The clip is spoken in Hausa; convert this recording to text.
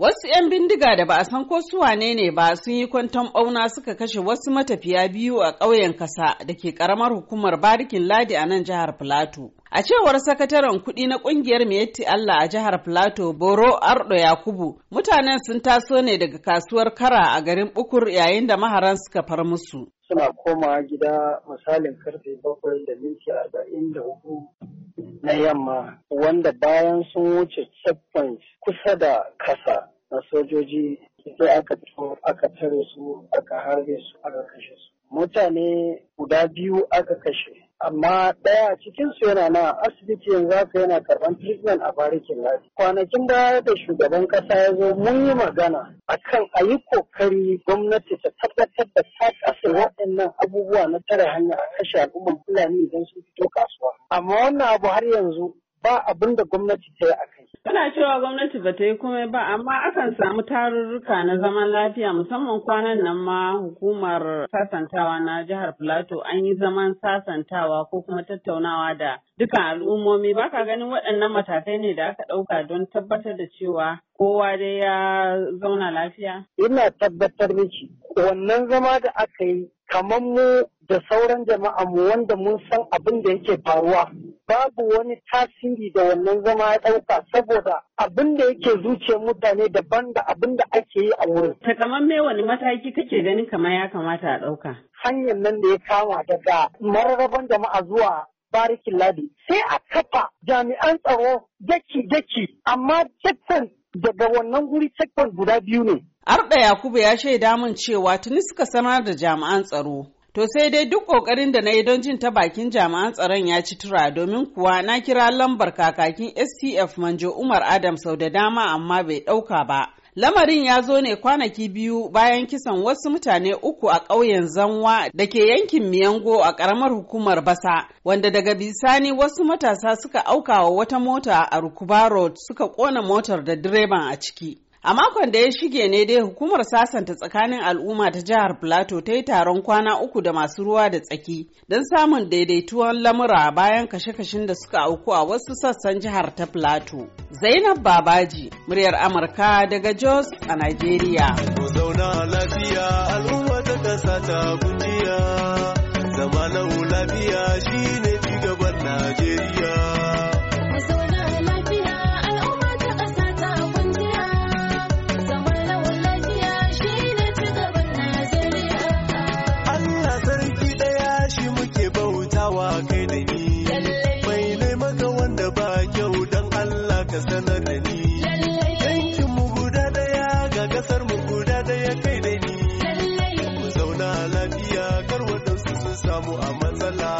Wasu 'yan bindiga da ba a san ko su wane ne ba sun yi kwanton ɓauna suka kashe wasu matafiya biyu a ƙauyen kasa da ke ƙaramar hukumar barikin ladi a nan jihar Filato. A cewar sakataren kuɗi na ƙungiyar Miyetti Allah a jihar Filato Boro Ardo Yakubu, mutanen sun taso ne daga kasuwar Kara a garin Bukur yayin da maharan suka far musu. Suna koma gida misalin karfe bakwai da minti arba'in da hudu na yamma wanda bayan sun wuce checkpoint kusa da kasa na sojoji sai aka to aka tare su aka harbe su aka kashe su mutane guda biyu aka kashe amma ɗaya cikinsu yana na asibiti yanzu haka yana karban treatment a barikin lafiya kwanakin baya da shugaban ƙasa ya zo mun yi magana akan a yi kokari gwamnati ta tabbatar da ta kasa waɗannan abubuwa na tare hanya a kashe al'umman fulani idan sun fito kasuwa Amma wannan abu har yanzu ba abin da gwamnati ta yi a kai. Kana cewa gwamnati ba ta yi komai ba amma akan samu tarurruka na zaman lafiya musamman kwanan nan ma hukumar sasantawa na jihar Filato an yi zaman sasantawa ko kuma tattaunawa da dukkan al'ummomi ba ka ganin waɗannan matakai ne da aka ɗauka don tabbatar da cewa kowa dai ya zauna lafiya? Ina tabbatar miki wannan zama da aka yi kamar mu da sauran jama'a mu wanda mun san abin da yake faruwa babu wani tasiri da wannan zama ya ɗauka saboda abin da yake zuciya mutane daban da abin da ake yi a wurin. me wani mataki kake ganin kamar ya kamata a ɗauka? Hanyar nan da ya kama daga mararraban jama'a zuwa barikin ladi sai a kafa jami'an tsaro daki-daki amma cikin daga wannan guri cikin guda biyu ne. Arda Yakubu ya shaida min cewa tuni suka sanar da jami'an tsaro. To sai dai duk ƙoƙarin da na yi don jin ta bakin jami'an tsaron ya ci tura domin kuwa na kira lambar kakakin STF Manjo Umar Adam sau da dama amma bai ɗauka ba. Lamarin ya zo ne kwanaki biyu bayan kisan wasu mutane uku a ƙauyen Zanwa da ke yankin Miyango a ƙaramar hukumar Basa, wanda daga bisani wasu matasa suka auka wa wata mota a Rukuba Road suka ƙona motar da direban a ciki. A makon da ya shige ne dai hukumar sasanta tsakanin al'umma ta jihar Plato ta yi taron kwana uku da masu ruwa da tsaki don samun daidaituwan lamura bayan kashe-kashen da suka auku a wasu sassan jihar ta Plato. Zainab Babaji, muryar Amurka daga Jos a Najeriya. ka sanar da ni yankin mu guda daya ga kasar mu guda daya kai da ni mu zauna lafiya kar waɗansu sun samu a matsala